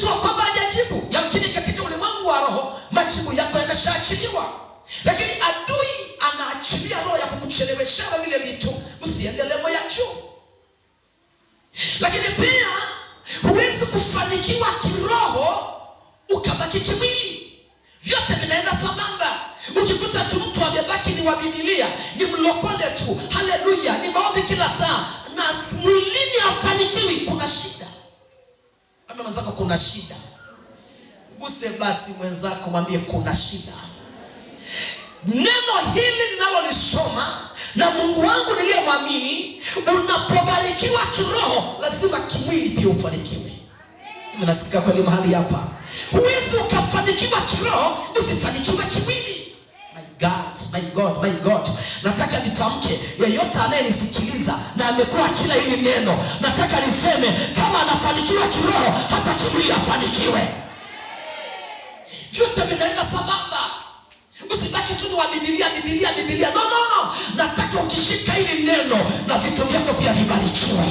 Ukiulizwa kwamba hajajibu, yamkini katika ulimwengu wa roho majibu yako yameshaachiliwa, lakini adui anaachilia roho ya kukucheleweshana vile vitu, msiende levo ya juu. Lakini pia huwezi kufanikiwa kiroho ukabaki kimwili, vyote vinaenda sambamba. Ukikuta tu mtu amebaki ni wa Biblia, ni mlokole tu, haleluya mwambie mwenzako kuna shida. Guse basi mwenzako, mwambie kuna shida. Neno hili ninalolisoma na Mungu wangu niliyemwamini, unapobarikiwa kiroho, lazima kimwili pia ufanikiwe. Nasikia kwenye mahali hapa, huwezi ukafanikiwa kiroho usifanikiwe kimwili. My God, my God, my God, nataka nitamke, yeyote anayenisikiliza na amekuwa kila hili neno, nataka niseme afanikiwe kiroho, hata kimwili afanikiwe. Vyote vinaenda sambamba. Usibaki tu wa Biblia, bibilia bibilia nonono Nataka ukishika hili neno na vitu vyako pia vibarikiwe.